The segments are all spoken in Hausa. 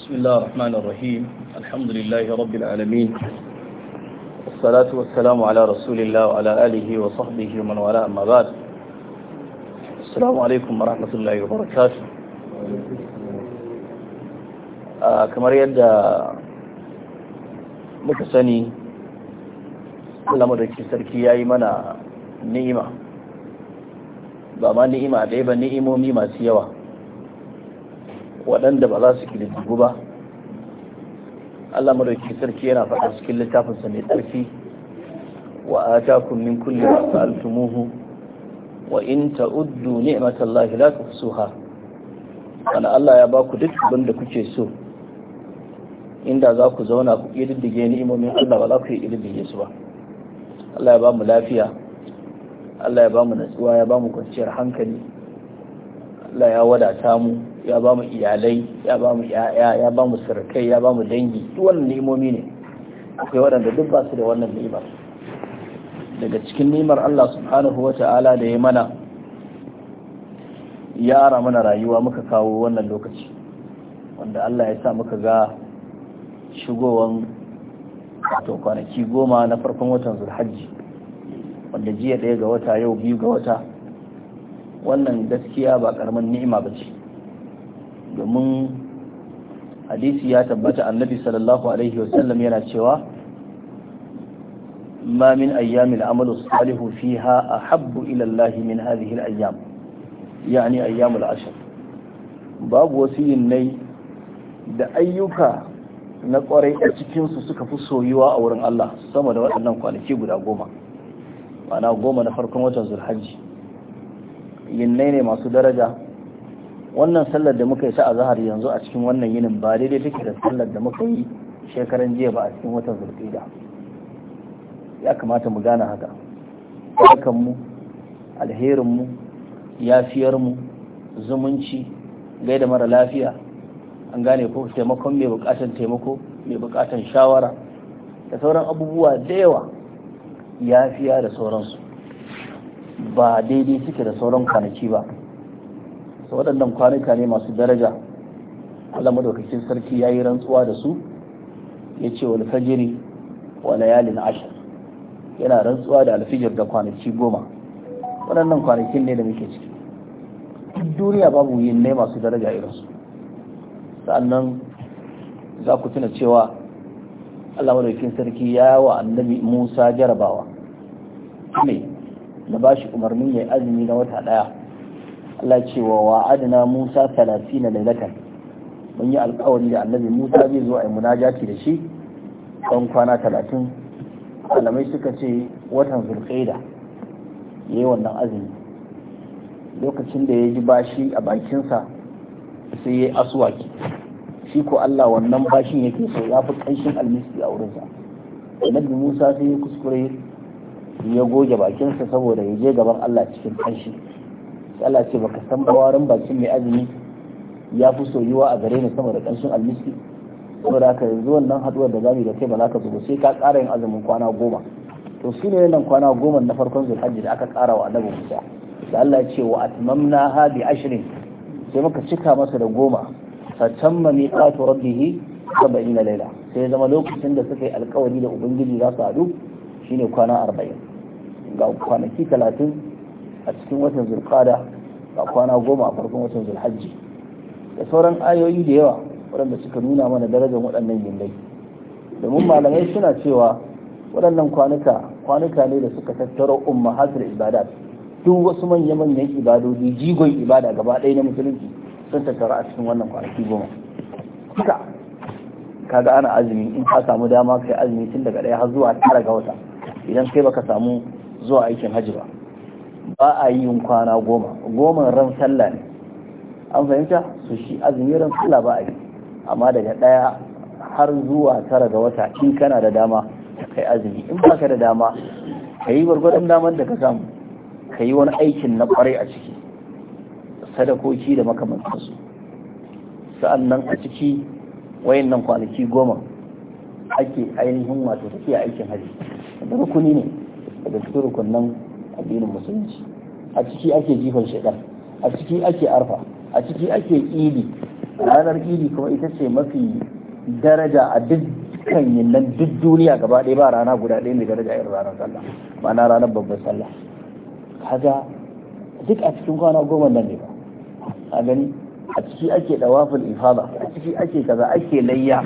بسم الله الرحمن الرحيم الحمد لله رب العالمين والصلاة والسلام على رسول الله وعلى آله وصحبه ومن والاه أما بعد السلام عليكم ورحمة الله وبركاته kamar yadda muka sani Allah madauki sarki ya yi mana ni'ima ba ma ni'ima ɗaya ba ni'imomi masu yawa waɗanda ba za su ƙididdigu ba Allah madauki sarki yana faɗa cikin littafinsa mai tsarki wa a ta kunnin kulli wa sa'altumuhu wa in ta'uddu ni'matallahi la tuhsuha kana Allah ya baku duk abin da kuke so inda za ku zauna ku ƙididdige ni'imomin Allah ba za ku yi ƙididdige su ba Allah ya ba mu lafiya Allah ya ba mu natsuwa ya ba mu kwanciyar hankali Allah ya wadata mu ya ba mu iyalai ya ba mu ya'ya ya ba mu sirkai ya ba mu dangi duk wannan ni'imomi ne akwai waɗanda duk ba su da wannan ni'imar daga cikin ni'imar Allah subhanahu wa ta'ala da ya mana ya ara mana rayuwa muka kawo wannan lokaci wanda Allah ya sa muka ga shigowan wato kwanaki goma na farkon watan zulhajji wanda jiya daya ga wata yau biyu ga wata wannan gaskiya ba karamin ni'ima ba ce domin hadisi ya tabbata annabi sallallahu alaihi wasallam yana cewa ma min amalu salihu fiha ahabbu ila Allah min hadhihi al-ayyam yani ayyamul ashr babu wasu yinnai da ayyuka na kwarai a cikinsu suka fi soyuwa a wurin Allah sama da waɗannan kwanaki guda goma ma'ana goma na farkon watan zulhajji yinnai ne masu daraja wannan sallar da muka yi ta azahar yanzu a cikin wannan yinin ba daidai take da sallar da muka yi shekaran jiya ba a cikin watan zulqa'ida ya kamata mu gane haka barkan mu alherin mu yafiyar mu zumunci gaida mara lafiya an gane ko taimakon mai bukatan taimako mai bukatan shawara da sauran abubuwa da yawa yafiya da sauransu ba daidai suke da sauran kwanaki ba to waɗannan kwanuka ne masu daraja Allah madaukakin sarki ya yi rantsuwa da su Ya ce wani fajiri wa layalin ashir yana rantsuwa da alfijir da kwanaki goma waɗannan kwanakin ne da muke ciki duk duniya babu yin ne masu daraja irinsu sa'annan za ku tuna cewa Allah madaukakin sarki ya wa annabi Musa jarabawa ne na bashi umarnin yayi azumi na wata ɗaya. Allah cewa wa adana Musa na lailatan mun yi alkawari da annabi Musa zai zo a yi munajati da shi don kwana talatin. alamai suka ce watan zulqaida yi wannan azumi lokacin da ya ji bashi a bakinsa sai ya yi asuwaki shi ko Allah wannan bashin yake so ya fi ƙanshin almisi a wurinsa annabi Musa sai ya kuskure ya goge bakinsa saboda ya je gaban Allah cikin ƙanshi Allah ce baka san bawarin bakin mai azumi ya fi soyuwa a gare ni sama da ƙanshin almiski saboda haka yanzu wannan haduwar da zamu da kai ba za ka zo sai ka ƙara yin azumin kwana goma to su ne nan kwana goma na farkon zulhajji da aka ƙara wa annabi Musa da Allah ya ce wa atmamna ha bi ashrin sai muka cika masa da goma fa tamma miqatu rabbih sab'in laila sai zama lokacin da suka yi alkawari da ubangiji za su haɗu shine kwana 40 ga kwanaki 30 a cikin watan zulqada a kwana goma a farkon watan zulhajji da sauran ayoyi da yawa waɗanda suka nuna mana darajar waɗannan yindai domin malamai suna cewa waɗannan kwanuka kwanuka ne da suka tattaro ummahatul ibada duk wasu manya-manyan ibadodi jigon ibada gaba ɗaya na musulunci sun tattara a cikin wannan kwanaki goma duka kaga ana azumi in ka samu dama kai azumi tun daga ɗaya har zuwa tara ga wata idan kai baka samu zuwa aikin hajji ba ba a yi yin kwana goma goma ran sallah ne an fahimta su shi azumi ran sallah ba a yi amma daga ɗaya har zuwa tara ga wata in kana da dama kai azumi in baka da dama ka yi gwargwadon daman da ka samu ka yi wani aikin na kwarai a ciki sadakoki da makamantansu sa'an nan a ciki wayannan kwanaki goma ake ainihin wato tafiya aikin hajji da rukuni ne daga cikin rukunan addinin musulunci a ciki ake jifan shaɗa a ciki ake arfa a ciki ake idi ranar idi kuma ita ce mafi daraja a dukkan yinnan duk duniya gaba ɗaya ba rana guda ɗaya mai daraja irin ranar sallah ma'ana ranar babban sallah kaga duk a cikin kwana goma nan ne ba a gani a ciki ake dawafin ifada a ciki ake kaza ake layya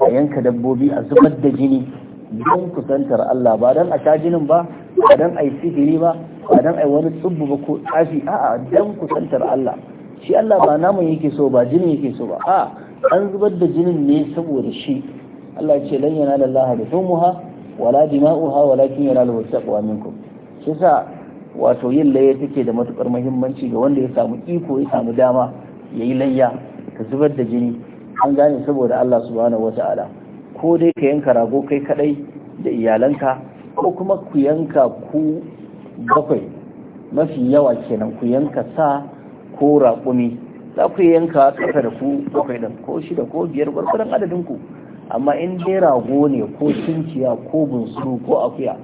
a yanka dabbobi a zubar da jini don kusantar Allah ba don a shajinin ba ba don a yi sihiri ba ba don a yi wani tsubu ba ko tsafi a'a don kusantar Allah shi Allah ba naman yake so ba jinin yake so ba a'a an zubar da jinin ne saboda shi Allah ce lan yana da Allah wala dima'uha walakin yanalu taqwa minkum shi sa wato yin layya take da matukar muhimmanci ga wanda ya samu iko ya samu dama ya yi layya ka zubar da jini an gane saboda Allah subhanahu Ta'ala. ko dai ka yanka rago kai kadai da iyalanka ko kuma ku yanka ku bakwai mafi yawa kenan ku yanka sa ko raƙumi za ku yanka ƙasa da ku bakwai ɗin ko shida ko biyar gwargwaron adadin ku amma in dai rago ne ko cinciya ko bunsuru ko akuya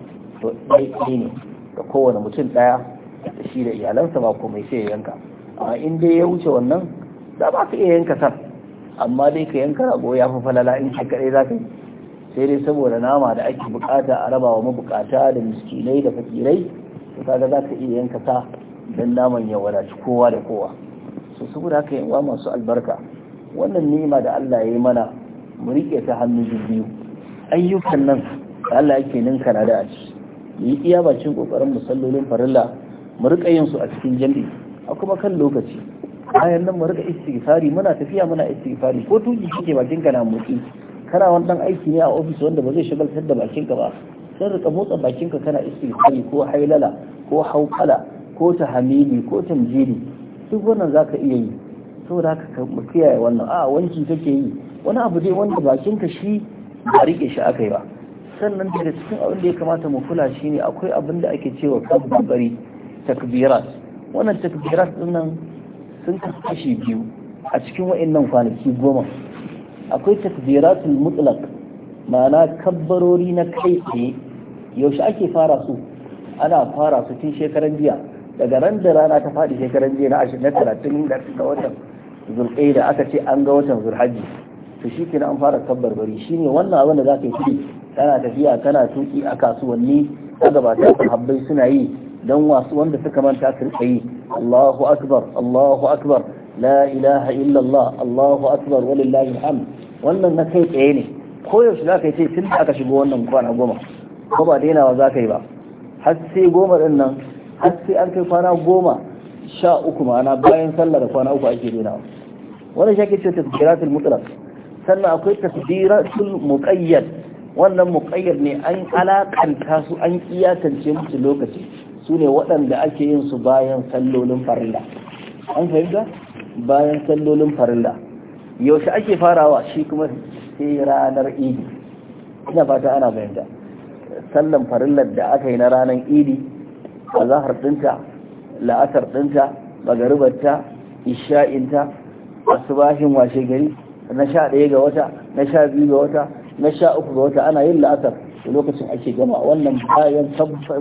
to ɗaya ne da kowane mutum ɗaya da shi da iyalansa ba mai sai ya yanka amma in dai ya wuce wannan za ba ka iya yanka sa amma dai ka yanka rago ya fi falala in haka kaɗai za ka yi sai dai saboda nama da ake bukata a rabawa mabukata da miskinai da fakirai to kaga za ka iya yanka ta don naman ya wadaci kowa da kowa su saboda haka yanwa masu albarka wannan nema da Allah ya yi mana mu riƙe ta hannu biyu ayyukan nan da Allah yake ninka na da a ci mu yi iya bacin kokarin musallolin farilla mu riƙa yin su a cikin jami'i a kuma kan lokaci bayan nan mu rika istighfari muna tafiya muna istighfari ko tuki kike bakin ka na motsi kana wani dan aiki ne a ofis wanda ba zai shagaltar da bakin ka ba sai rika motsa bakin ka kana istighfari ko hailala ko haukala ko tahamili ko tamjiri duk wannan zaka iya yi saboda haka ka kiyaye wannan a wanki kake yi wani abu dai wanda bakin ka shi ba rike shi akai ba sannan da cikin abin da ya kamata mu kula shine akwai abin da ake cewa kan bari takbirat wannan takbirat din nan sun kishi biyu a cikin wa'annan kwanaki goma akwai takbiratul mutlaq ma'ana kabbarori na kai tsaye yaushe ake fara su ana fara su tun shekaran jiya daga ran da rana ta faɗi shekaran jiya na ashirin na da ga watan zulƙai da aka ce an ga watan zulhajji to shi kenan an fara Shi shine wannan abin da za ka yi kuɗi kana tafiya kana tuƙi a kasuwanni ta gabata habbai suna yi don wasu wanda suka manta su yi الله أكبر الله أكبر لا إله إلا الله الله أكبر ولله الحمد wannan na kai tsaye ne koyaushe za ka yi ce tun da aka shigo wannan kwana goma ko ba dainawa za ka yi ba har sai goma din nan har sai an kai kwana goma sha uku ma'ana bayan sallah da kwana uku ake dainawa wannan shi ake ce tasbiratul mutlaq sannan akwai tasbiratul muqayyad wannan muqayyad ne an alakanta su an kiyatance musu lokaci su ne waɗanda ake yin su bayan sallolin farilla an fahimta bayan sallolin farilla yaushe ake farawa shi kuma sai ranar idi ina fata ana fahimta sallan farillar da aka yi na ranar idi a zahar ɗinta la'asar ɗinta magaribarta isha'inta bashin washe gari na sha ɗaya ga wata na sha biyu ga wata na sha uku ga wata ana yin la'asar lokacin ake gama wannan bayan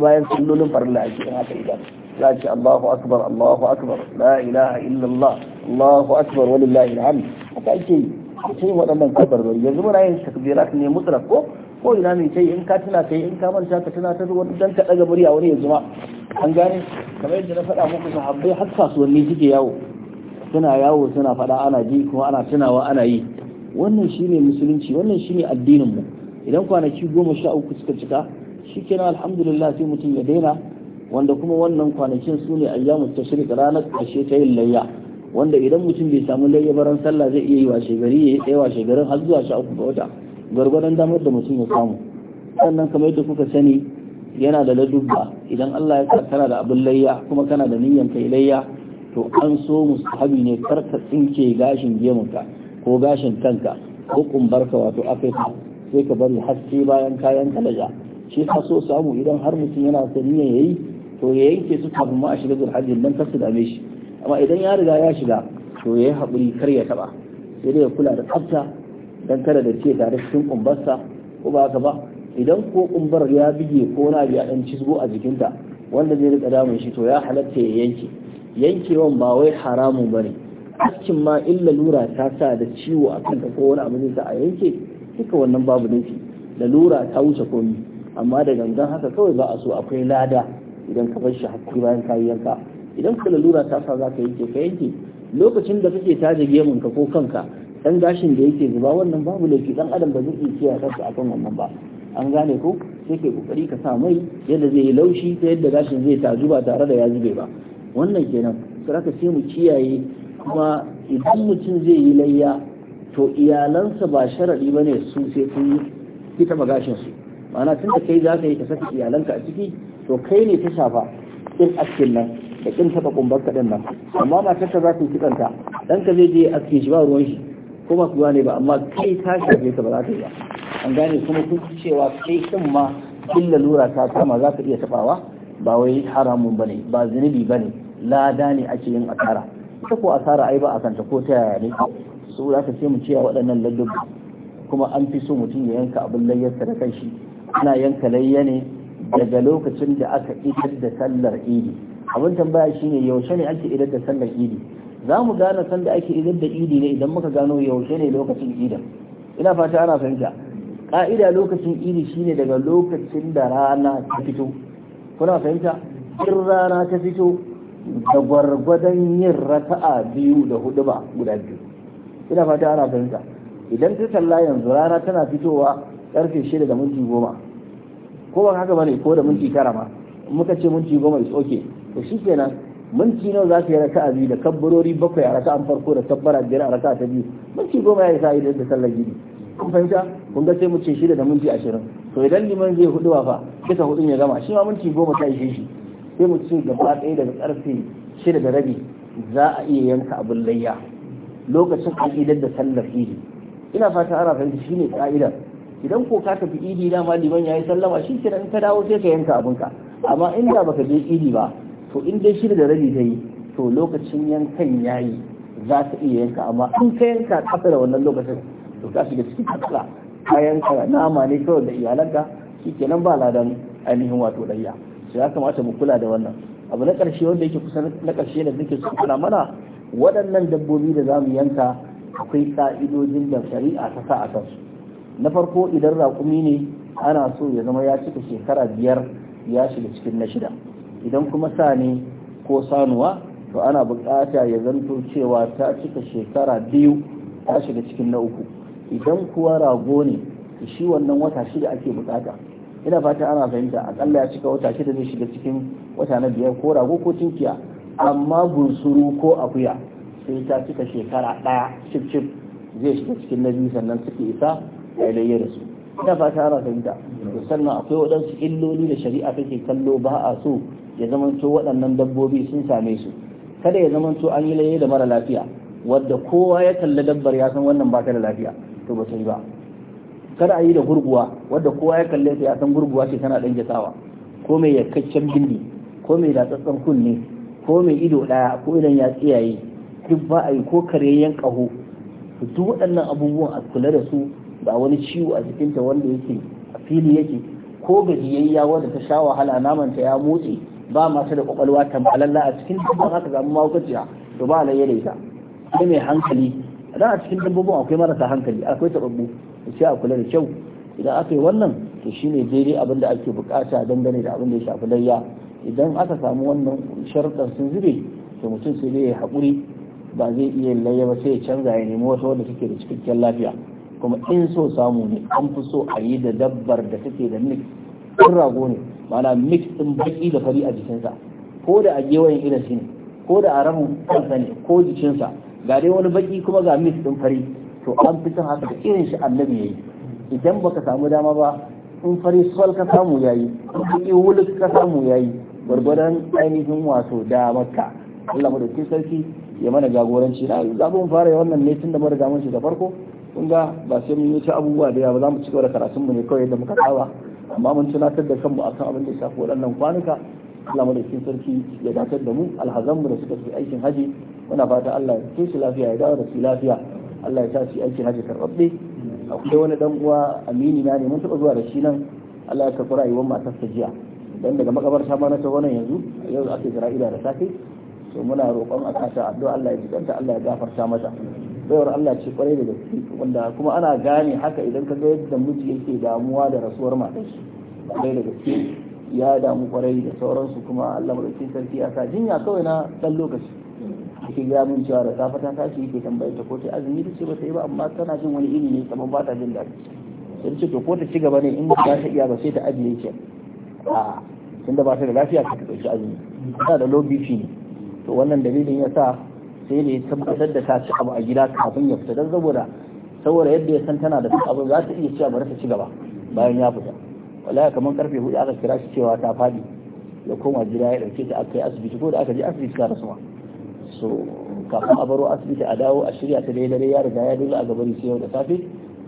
bayan sallolin farilla ake yin haka idan za a ce Allahu akbar Allahu akbar la ilaha illallah Allahu akbar walillahi alhamd haka ake yi ta yi waɗannan kabarbari yanzu muna yin takbirat ne mutlaq ko ko ina ne kai in ka tuna kai in ka manta ka tuna ta wani dan ka daga murya wani yanzu ma an gane kamar yadda na faɗa muku sahabbai har kasuwanni suke yawo suna yawo suna faɗa ana ji kuma ana tunawa ana yi wannan shine musulunci wannan shine addinin mu idan kwanaki goma sha uku suka cika shi kenan alhamdulillah sai mutum ya daina wanda kuma wannan kwanakin su ne ayyamu tashrik ranar ƙarshe ta yin layya wanda idan mutum bai samu layya baran sallah zai iya yi washe gari ya yi tsaye washe garin har zuwa sha uku ga wata gwargwadon damar da mutum ya samu sannan kamar yadda kuka sani yana da ladubba idan Allah ya sa kana da abin layya kuma kana da niyyar kai layya to an so musahabi ne karka tsinke gashin gemunka ko gashin kanka ko kumbarka wato afirka sai ka bari haske bayan kayan kalaja shi ka so samu idan har mutum yana da ya yayi to ya yanke su kafin ma a shiga zulhajjin dan kasu dame shi amma idan ya riga ya shiga to ya yi haƙuri kar ya taɓa sai dai ya kula da tsafta dan kada da ce tare cikin kumbarsa ko ba haka ba idan ko kumbar ya bige ko na biya dan cizgo a jikinta wanda zai rika damun shi to ya halatta ya yanke yankewan ba wai haramun ba ne askin ma illa lura ta sa da ciwo a kanta ko wani abu zai sa a yanke duka wannan babu nufi lalura ta wuce komi amma da gangan haka kawai ba a so akwai lada idan ka bar shi hakuri bayan ka yanka idan ka lalura ta sa za ka yanke ka yanke lokacin da kake taje gemun ka ko kanka dan gashin da yake zuba wannan babu laifi dan adam ba zai iya kiyaye kansa akan wannan ba an gane ko sai kai kokari ka sa mai yadda zai yi laushi ta yadda gashin zai taju ba tare da ya zube ba wannan kenan sai ka sai mu kiyaye kuma idan mutum zai yi layya to iyalansa ba sharaɗi ba ne su sai sun yi kita magashin su ma'ana tun da kai za ka yi ka saka iyalanka a ciki to kai ne ta shafa in askin nan da kin taɓa kumbar kaɗan nan amma matar ka za ta yi kitanta Dan ka zai je aske shi ba ruwan shi ko masu ruwa ne ba amma kai ta shafe ka ba za ta yi ba an gane kuma kun cewa kai kin ma kin lalura ta kama za ka iya taɓawa ba wai haramun ba ne ba zunubi ba ne lada ne ake yin asara ita ko asara ai ba a kanta ko ta yaya ne za ka ce mu ce waɗannan lallubu kuma an fi so mutum ya yanka abin layyarsa da kanshi ana yanka layya ne daga lokacin da aka idar da sallar idi abin tambaya shine yaushe ne ake idar da sallar idi za mu gane sanda ake idar da idi ne idan muka gano yaushe ne lokacin idan ina fata ana fahimta ka'ida lokacin idi shine daga lokacin da rana ta fito kuna fahimta in rana ta fito da gwargwadon yin raka'a biyu da hudu ba guda biyu ina fata ana fahimta idan ta talla yanzu rana tana fitowa karfe shida da minti goma ko ban haka bane ko da minti tara ma muka ce minti goma is okay to shikenan minti nawa za ka yi raka'a biyu da kabbarori bakwai a raka'an farko da tabbara biyar a raka'a ta biyu minti goma ya isa idan ta talla gidi kun fahimta kun ga sai mu ce shida da minti ashirin to idan liman zai hudu fa kisa hudun ya gama shi ma minti goma ta ishe shi sai mu ce gaba ɗaya daga karfe shida da rabi za a iya yanka abin layya lokacin an da sallar idi ina fata ana fahimta ne ƙa'ida idan ko ka tafi idi dama liman yi sallama shi ke in ka dawo sai ka yanka abinka amma in da baka je idi ba to in dai shi da rabi ta yi to lokacin yankan yayi za ka iya yanka amma in ka yanka kasa da wannan lokacin to ka shiga cikin ƙasa ka yanka nama ne kawai da iyalanka shi ke nan ba ladan ainihin wato ɗayya sai ya kamata mu kula da wannan abu na ƙarshe wanda yake kusa na ƙarshe da nake so kula mana waɗannan dabbobi da za mu yanka akwai ƙa'idojin da shari'a ta sa a kansu na farko idan raƙumi ne ana so ya zama ya cika shekara biyar ya shiga cikin na shida idan kuma sa ne ko sanuwa to ana buƙata ya zanto cewa ta cika shekara biyu ta shiga cikin na uku idan kuwa rago ne shi wannan wata shida ake buƙata ina fata ana fahimta akalla ya cika wata shida zai shiga cikin wata na biyar ko rago ko tinkiya amma gunsuru ko akuya sai ta cika shekara ɗaya cif cif zai shiga cikin nabi sannan suke isa a alayya da su ina fata ana fahimta sannan akwai waɗansu illoli da shari'a take kallo ba a so ya zamanto waɗannan dabbobi sun same su kada ya zamanto an yi laye da mara lafiya wadda kowa ya kalli dabbar ya san wannan ba ta da lafiya to ba sai ba kada a yi da gurguwa wadda kowa ya kalle ta ya san gurguwa ce tana ɗan jasawa ko mai yakkaccen bindi ko mai latsatsen kunne ko mai ido ɗaya ko idan ya tsiyaye duk ba a yi ko kare yan ƙaho duk waɗannan abubuwan a kula da su ba wani ciwo a jikinta wanda yake a fili yake ko gajiyayya wanda ta sha wahala namanta ya motse ba ta da kwakwalwa tambalalla a cikin dabban haka zamu maukaciya to ba alayya yare ta sai mai hankali idan a cikin dabbobin akwai marasa hankali akwai taɓaɓɓu sai a kula da kyau idan aka yi wannan to shine daidai abin da ake bukata dangane da abin da ya shafi layya idan aka samu wannan sharɗar sun zube to mutum sai zai haƙuri ba zai iya layya ba sai ya canza ya nemi wata wanda take da cikakken lafiya kuma in so samu ne an fi so a yi da dabbar da take da mix ɗin rago ne ma'ana mix ɗin baƙi da fari a jikinsa ko da a gewayen irin shi ne ko da a rabin kansa ne ko jikinsa ga dai wani baƙi kuma ga mix ɗin fari to an fi son haka da irin shi annabi ya yi idan baka samu dama ba in fari sol ka samu yi in wuluk ka samu yi. gwargwadon ainihin wato da makka Allah madaukin sarki ya mana jagoranci na zaɓin fara wannan ne tun da mara gamun shi da farko kun ga ba sai mun yi ta abubuwa da yawa za mu ci gaba da karatun mu ne kawai yadda muka saba amma mun tunatar da kanmu akan abin da ya shafi waɗannan kwanuka Allah madaukin sarki ya dakatar da mu alhazan mu da suka fi aikin haji muna fata Allah ya kai shi lafiya ya dawo da su lafiya Allah ya sa su aikin haji karɓaɓɓe akwai wani dan uwa amini na ne mun taɓa zuwa da shi nan Allah ya karɓi rayuwar matarsa jiya dan daga makabar ma na tawana yanzu yau ake isra'ila da safe to muna roƙon a kasa addu'a Allah ya jikanta Allah ya gafarta mata bayar Allah ce kwarai da gaske wanda kuma ana gane haka idan ka ga yadda miji yake damuwa da rasuwar matar shi kwarai da gaske ya damu kwarai da sauransu kuma Allah madaukakin sarki ya sa jinya kawai na dan lokaci ake gaya mun cewa da safe ta tashi yake tambayar ta ko ta azumi ta ce ba ta yi ba amma tana jin wani ilimi ne kamar ba ta jin daɗi sai ce to ko ta ci gaba ne in ba ta iya ba sai ta ajiye kenan a tun da ba ta da lafiya ka ɗauki azumi tana da low bp ne to wannan dalilin ya sa sai da ya tabbatar da ta ci abu a gida kafin ya fita don saboda saboda yadda ya san tana da duk abu za ta iya cewa bari ta ci gaba bayan ya fita wallahi kamar karfe hudu aka kira shi cewa ta fadi ya koma gida ya dauke ta aka yi asibiti ko da aka je asibiti ta rasuwa so kafin a baro asibiti a dawo a shirya ta dai ya riga ya dole a gabari sai yau da safe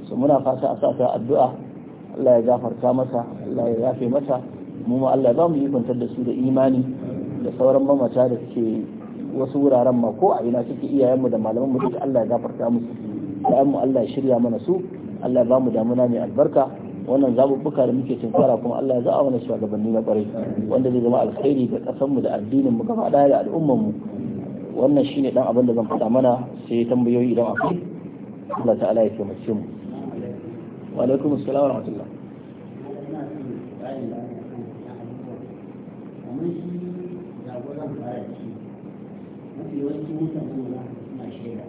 so muna fata a sa ta addu'a Allah ya gafarta masa Allah ya yafe mata mu ma Allah ba mu yi kwantar da su da imani da sauran mamata da suke wasu wuraren ma ko a ina suke iyayenmu da malaman mu duka Allah ya gafarta musu da mu Allah ya shirya mana su Allah ya ba mu damuna mai albarka wannan zaɓuɓɓuka da muke tunkara kuma Allah ya za'a mana shugabanni na ƙwarai wanda zai zama alkhairi ga ƙasarmu da addinin mu gaba daya da al'ummar mu wannan shine dan abin da zan faɗa mana sai tambayoyi idan akwai Allah ta'ala ya taimake mu wa alaikum assalam wa rahmatullah shaida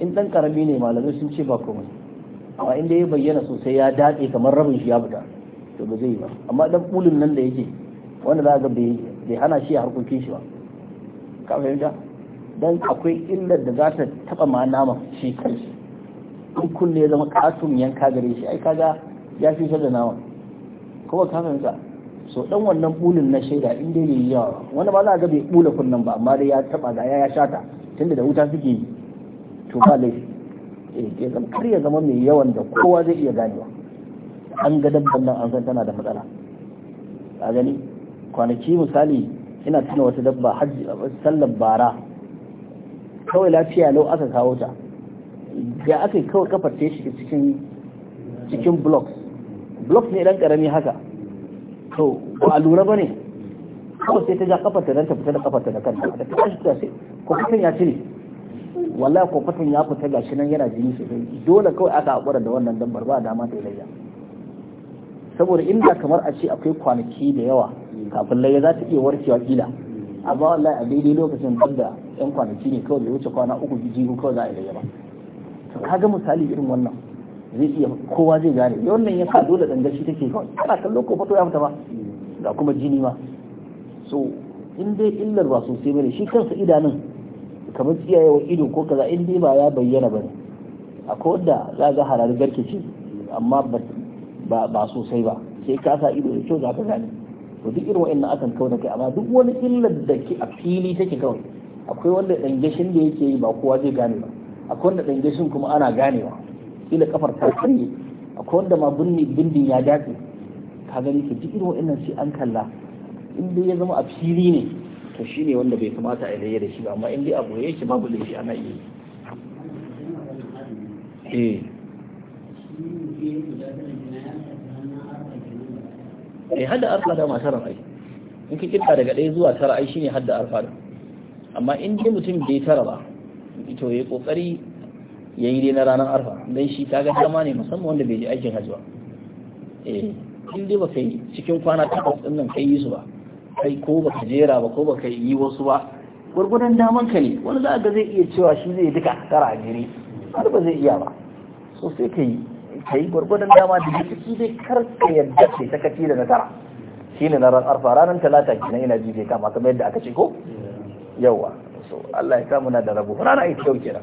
in ɗan ƙarami ne malamai sun ce ba komai amma inda ya bayyana sosai ya daɗe kamar rabin shi ya fita to ba zai yi ba amma ɗan bulin nan da yake wanda za ga bai hana shi a harkokin shi ba ka fahimta dan akwai illar da za ta taba ma nama shi kanshi in kunne ya zama katum yanka gare shi ai kaga ya fi da nama kuma ka sa so dan wannan bulin na shaida in dai yayi yawa wani ba za ga bai bula kunnan ba amma dai ya taba ga ya shata tunda da wuta suke yi to ba lai eh ya zama ya mai yawan da kowa zai iya ganewa an ga dabban nan an san tana da matsala a gani kwanaki misali ina tuna wata dabba hajji sallar bara kawai lafiya lau aka kawo ta ya aka yi kawai kafar ta shi cikin cikin blocks blok ne dan karami haka to ba a lura bane kawai sai ta ja kafar ta dan ta fita da kafar da kanta da shi ta sai kofatan ya cire wallahi kofatan ya fita gashi nan yana jini sosai dole kawai aka hakura da wannan dambar ba dama ta ilayya saboda inda kamar a ce akwai kwanaki da yawa kafin laye za ta iya warkewa kila amma wallahi a daidai lokacin banda yan kwanaki ne kawai da wuce kwana uku biyu kawai za a ilayya ba to kaga misali irin wannan zai iya kowa zai gane wannan ya sa dole dangar shi take kawai ana kallo ko fato ya fita ba ga kuma jini ma so in dai illar ba sosai bane shi kansa idanun kamar wa ido ko kaza in dai ba ya bayyana bane akwai wanda za ga harar ce amma ba sosai ba sai ka sa ido da kyau za ka gane to duk irin wa'annan akan kawai da kai amma duk wani illar da ke a fili take kawai akwai wanda dangashin da yake yi ba kowa zai gane ba akwai wanda dangashin kuma ana ganewa kila kafar ta karye akwai wanda ma bunni bindin ya dace ka gani su ji irin wa'annan sai an kalla in dai ya zama a fili ne to shi ne wanda bai kamata a ilayya da shi ba amma in dai a boye yake babu laifi ana iya yi eh, eh hadda arfa da masaran ai in ka kitta daga ɗaya zuwa tara ai shine hadda arfa amma in dai mutum bai tara ba to ya kokari ya yi dai na ranar arfa don shi ta ga dama ne musamman wanda bai je aikin hajji ba eh in ba kai cikin kwana takwas din nan kai yi su ba kai ko ba ka jera ba ko ba kai yi wasu ba gurgudan daman ka ne wani za ga zai iya cewa shi zai duka tara jere har ba zai iya ba so sai ka yi ka yi dama da ciki dai kar ka yadda ce ta kaci da nasara shi ne na arfa ranar talata kenan ina ji zai kama kamar yadda aka ce ko yawa so Allah ya samu na da rabo rana ita yau kenan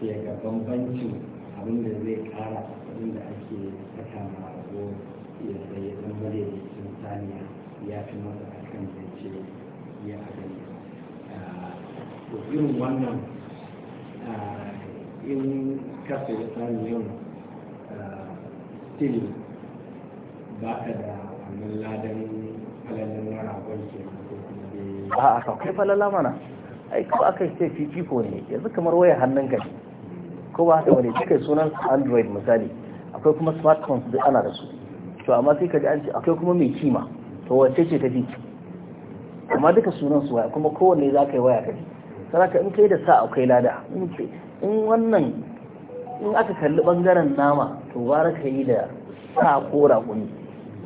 sai ga bambancin abin da zai kara abin da ake saka ma rago ya sai dan bare da cikin saniya ya fi masa kan da ce ya abin ah, to irin wannan ah, in ka sai saniyan ah, tilin ba ka da wannan ladan alalin ragon ke a'a kai falala mana ai ko akai ce fifiko ne yanzu kamar waya hannun gani ne ko ba haka bane kai sunan android misali akwai kuma smartphones da ana da su to amma sai ka ji an ce akwai kuma mai kima to wacce ce ta tafi amma duka sunan su waya kuma kowanne za ka yi waya ka kaji ka in kai da sa akwai lada in wannan in aka kalli bangaren nama to gara ka yi da sa ko za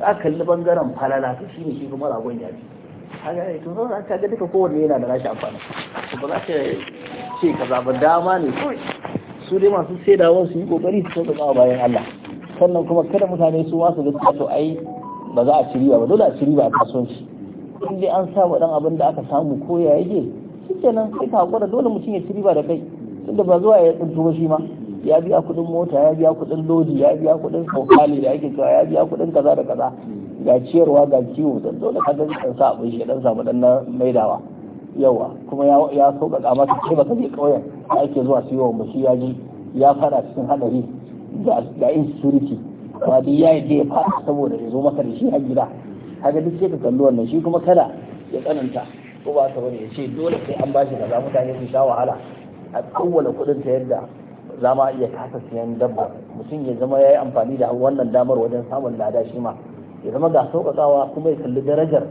aka kalli bangaren falala to shine shi kuma ragon ya ce eh, ne to zo ka ga duka kowanne yana da nashi amfani ba za ka ce kaza ba dama ne kawai su dai masu wa su yi kokari su sauka bayan Allah sannan kuma kada mutane su wasu su to ai ba za a ci riba ba dole a ci riba a kasuwanci in dai an samu dan abin da aka samu ko ya yake shikenan sai ka hakura dole mutum ya ci da kai tunda ba zuwa ya tsinto ba shi ma ya biya kuɗin mota ya biya kuɗin lodi ya biya kuɗin kokali da ake cewa ya biya kuɗin kaza da kaza ga ciyarwa ga kiwo dan dole ka ga kan sa abin shi dan samu dan na maidawa yawa kuma ya ya sauƙaƙa masa ba ka je kauyen a ake zuwa su yi wa mashi ya ji ya fara cikin hadari da insecurity ba da ya da ya fara saboda ya zo maka da shi har gida haka duk sai ka kalli wannan shi kuma kada ya tsananta ko ba ta wani ya ce dole sai an bashi za mutane su sha wahala a kowane kuɗin ta yadda za ma iya kasa siyan dabba mutum ya zama ya yi amfani da wannan damar wajen samun lada shi ma ya zama ga sauƙaƙawa kuma ya kalli darajar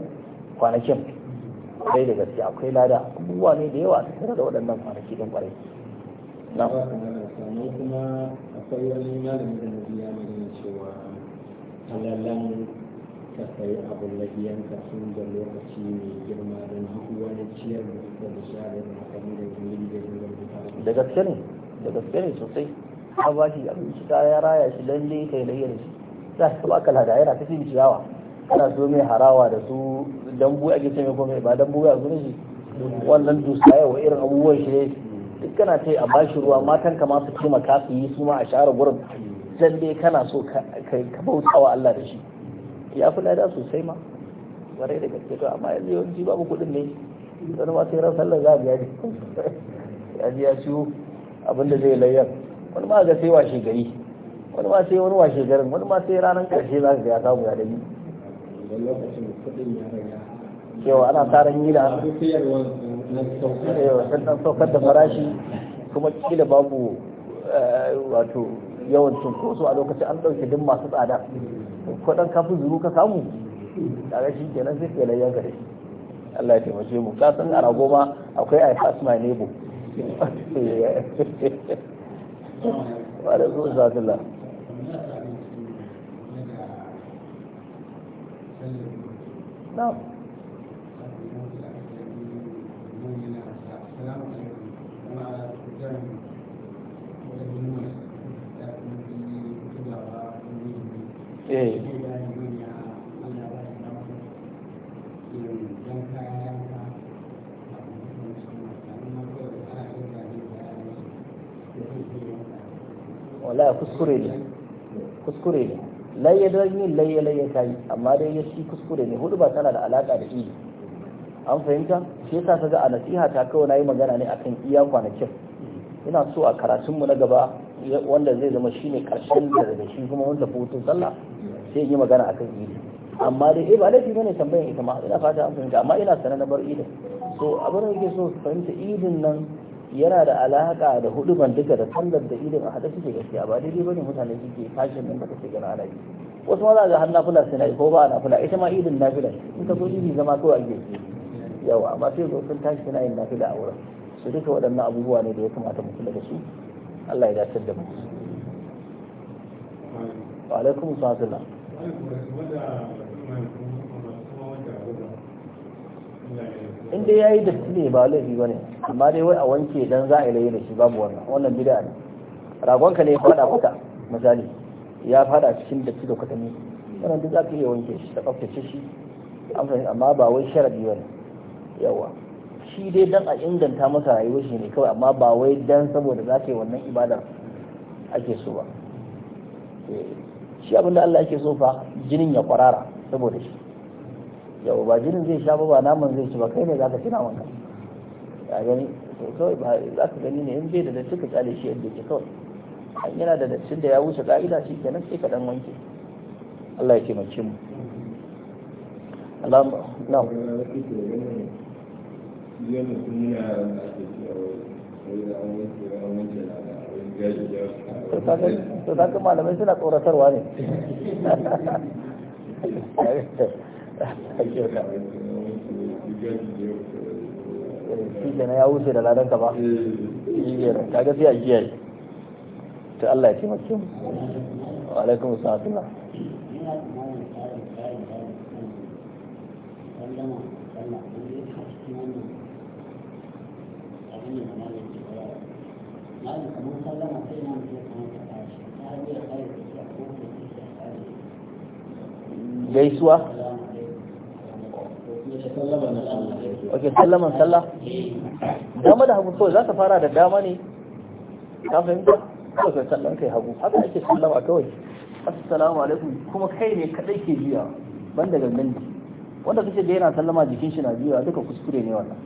kwanakin sai da gaske akwai lada abubuwa ne da yawa a tattare da waɗannan kwanaki don kwarai na sannan kuma akwai wani malamin da nabi ya mana cewa halalan ka sayi abun lagiyan ka sun da lokaci mai girma don duk wani ciyar da suka da share da hakan da guri da guri da gaske ne da gaske ne sosai an ba abinci ta ya raya shi lalle kai layyar shi za ka baka lada yana ta fi ciyawa ana so mai harawa da su dambu ake ce mai kome ba dambu ya zuwa shi wannan dusa wa irin abubuwan shi ne duk kana ce a bashi ruwa matan ka ma su taimaka su yi su ma a share gurin dan dai kana so ka bauta wa Allah da shi ya fi lada sosai ma ware da gaske to amma yanzu yawanci babu kuɗin ne wani ma sai ran sallar za a biya ne ya ji ya ciwo abin da zai layyar wani ma ga sai washe gari wani ma sai wani washe garin wani ma sai ranar ƙarshe za ka ga ya samu ya dani yau ana tsarin yi da sun saukar da farashi kuma kila babu eh, wato yawan cunkoso a lokacin an ɗauke duk masu tsada kuɗin kafin zuru ka samu kaga shi ke nan sai kai layyanka gare shi Allah ya taimake mu ka san ana goma akwai a pass my neighbor wa da zuwa na'am eh wala kuskure ne kuskure ne layya da yin layya layya ta yi amma dai ya ci kuskure ne hudu ba tana da alaka da idi an fahimta shi yasa ta ga a nasiha ta kawai nayi magana ne akan iya kwanakin ina so a karatun mu na gaba wanda zai zama shine karshen da da shi kuma wanda hutun sallah sai yi magana akan idi amma dai eh ba laifi bane tambayan ita ma ina fata an fahimta amma ina sanar na bar idin so abin da yake so fahimta idin nan yana da alaka da hudu duka da sallar da idin a haɗa suke gaskiya ba daidai bane mutane suke fashin din da suke gana ana yi wasu maza ga har nafila na ko ba nafila ita ma idin nafila in ta so idi zama kawai ake yawa amma sai zo sun tashi suna yin nafila a wurin su duka waɗannan abubuwa ne da ya kamata mu kula da su Allah ya dace da mu alaikum salam in dai yi da ne ba laifi ba ne amma dai wai a wanke dan za a yi da shi babu wannan wannan bid'a ne ragonka ne ya fada kuka misali ya fada cikin datti da kwatanni wannan duk za ka iya wanke shi ta tsaftace shi amma ba wai sharadi bane yawa shi dai dan a inganta masa rayuwar shi ne kawai amma ba wai dan saboda za ka yi wannan ibadar ake so ba eh, shi abinda Allah ake so fa jinin ya kwarara saboda shi yau ba jinin zai sha ba ba naman zai ci ba kai ne za ka kina wanka ya gani to kawai ba za ka gani ne in bai da da cika tsale shi yadda ke kawai an yana da dattin da ya wuce ka'ida shi kenan sai ka dan wanke Allah ya ce mace mu Allah na na ne yana kuma yana da ake cewa to kaga malamai suna tsoratarwa ne shi ke ya wuce da ladan ka ba shi ke nan kaga sai a ta Allah ya taimake mu wa alaikum gaisuwa ok sallaman sallah dama da hagu kawai za ka fara da dama ne ka fahimta kawai kai sallan kai hagu haka ake sallama kawai assalamu alaikum kuma kai ne kadai ke biya ban da gangan wanda kace da yana sallama jikin shi na biya duka kuskure ne wannan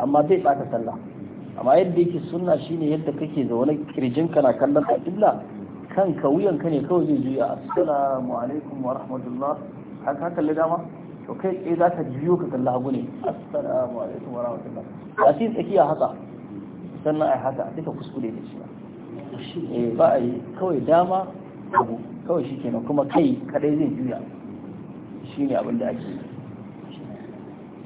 amma bai bata sallah amma yadda yake sunna shine yadda kake wani kirjin ka na kallon alƙibla kanka wuyan ka ne kawai zai juya assalamu alaikum wa rahmatullah haka haka kalle dama to kai tsaye za ka jiyo ka kalla hagu ne assalamu alaikum wa rahmatullah a tsakiya haka sannan ai haka sai ka kuskure da shi eh ba a yi kawai dama kawai shikenan kuma kai kadai zai juya shi ne abin da ake yi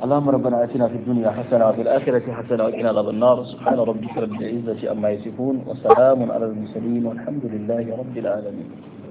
اللهم ربنا اتنا في الدنيا حسنه وفي الاخره حسنه وقنا عذاب النار سبحان ربك رب العزه عما يصفون وسلام على المرسلين والحمد لله رب العالمين